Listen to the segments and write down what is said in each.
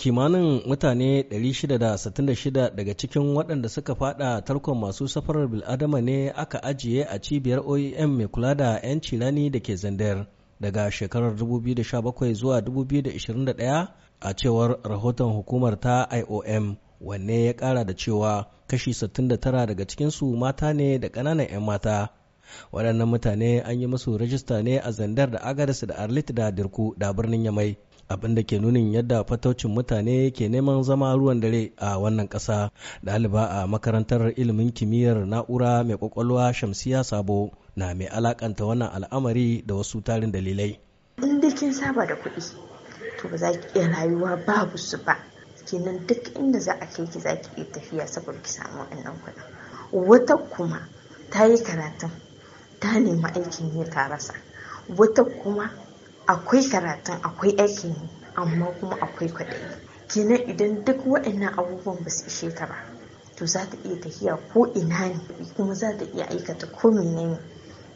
kimanin mutane 666 daga cikin waɗanda suka fada tarkon masu safarar bil'adama ne aka ajiye a cibiyar oem mai kula da 'yanci rani da ke zandar daga shekarar 2017 zuwa 2021 a cewar rahoton hukumar ta iom wanne ya ƙara da cewa kashi 69 daga cikinsu mata ne da ƙananan 'yan mata waɗannan mutane an yi musu rajista ne a zandar da agadas da arlit da dirku da birnin yamai abin da ke nunin yadda fataucin mutane ke neman zama ruwan dare a wannan ƙasa ɗaliba a makarantar ilimin kimiyyar na'ura mai ƙwaƙwalwa shamsiya sabo na mai alakanta wannan al'amari da wasu tarin dalilai in dai kin saba da kuɗi to ba za ki iya rayuwa babu su ba kenan duk inda za a kai ki za ki iya tafiya saboda ki samu wannan kuɗi wata kuma ta yi karatun ta nemi aikin yi ta rasa wata kuma akwai karatun akwai aikin amma kuma akwai kwaɗayi kenan idan duk waɗannan abubuwan ba su ishe ta ba to za ta iya tafiya ko ina ne kuma za ta iya aikata ko ne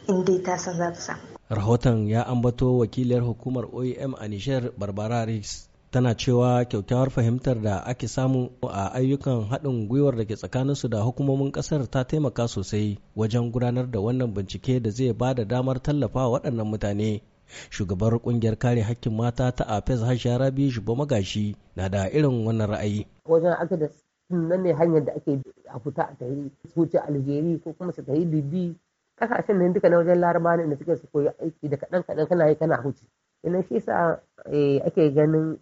in dai ta san za ta samu rahoton ya ambato wakiliyar hukumar oem a nishar barbara riggs tana cewa kyaukyawar fahimtar da ake samu a ayyukan haɗin gwiwar da ke tsakaninsu da hukumomin ƙasar ta taimaka sosai wajen gudanar da wannan bincike da zai ba da damar tallafa waɗannan mutane shugabar kungiyar kare hakkin mata ta afes hasharabi shubo magashi na da irin wannan ra'ayi wajen da nan ne hanyar da ake a fita a tahi wuce algeri ko kuma su tahi bibi kasashen nan duka na wajen laraba ne da suke su koyi aiki da kaɗan kaɗan kana yi kana huce ina shi sa eh, ake ganin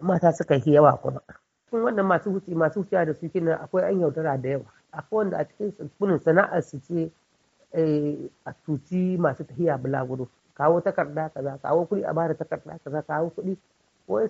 mata suka yi yawa kuma kun wannan masu huce masu huciya da su kina akwai an yaudara da yawa akwai wanda a cikin sunan sana'ar su ce eh, a tuci masu tahiya bulaguro kawo takarda kaza kawo kuɗi a bada takarda kaza kawo kuɗi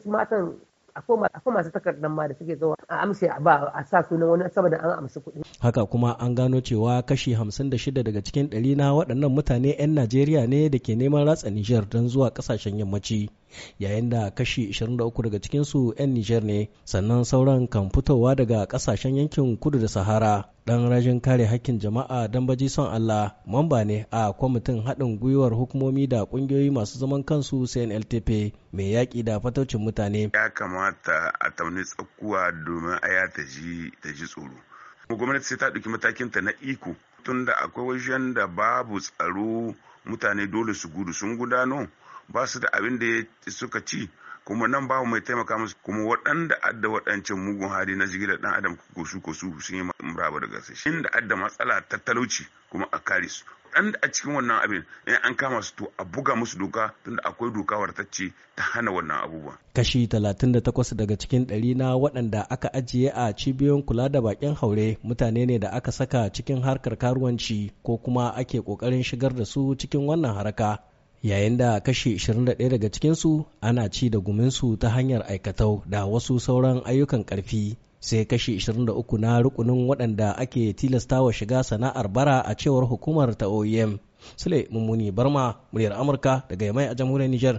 su matan akwai masu takardar ma da suke zuwa a amshe ba a sa sunan wani saboda an amshi kuɗi. Haka kuma an gano cewa kashi 56 daga cikin ɗari na waɗannan mutane 'yan Najeriya ne da ke neman ratsa niger don zuwa ƙasashen yammaci yayin da kashi 23 daga cikinsu 'yan Nijar ne sannan sauran kan fitowa daga ƙasashen yankin kudu da Sahara. dan rajin kare hakkin jama'a dan baji son Allah mamba ne a kwamitin haɗin gwiwar hukumomi da ƙungiyoyi masu zaman kansu CNLTP mai yaƙi da fataucin mutane. Ya kamata a tauni tsakkuwa domin a ta ji ta ji tsoro. Gwamnati sai ta ɗauki matakin ta na iko tunda akwai wajen da babu tsaro mutane dole su gudu sun gudano. ba su da abin da suka ci kuma nan babu mai taimaka musu kuma waɗanda adda waɗancan mugun hali na jigila ɗan adam ko su ko su sun yi muraba da gasa shi da adda matsala ta talauci kuma a kare su waɗanda a cikin wannan abin in an kama su to a buga musu doka tunda akwai doka wartacce ta hana wannan abubuwa. Kashi 38 daga cikin ɗari na waɗanda aka ajiye a cibiyoyin kula da bakin haure mutane ne da aka saka cikin harkar karuwanci ko kuma ake ƙoƙarin shigar da su cikin wannan haraka. yayin da kashi 21 daga cikinsu ana ci da guminsu ta hanyar aikatau da wasu sauran ayyukan karfi sai kashi 23 na rukunin waɗanda ake tilasta wa shiga sana'ar bara a cewar hukumar ta oem sule mummuni barma muryar amurka daga yamai a jamhuriyar nijar.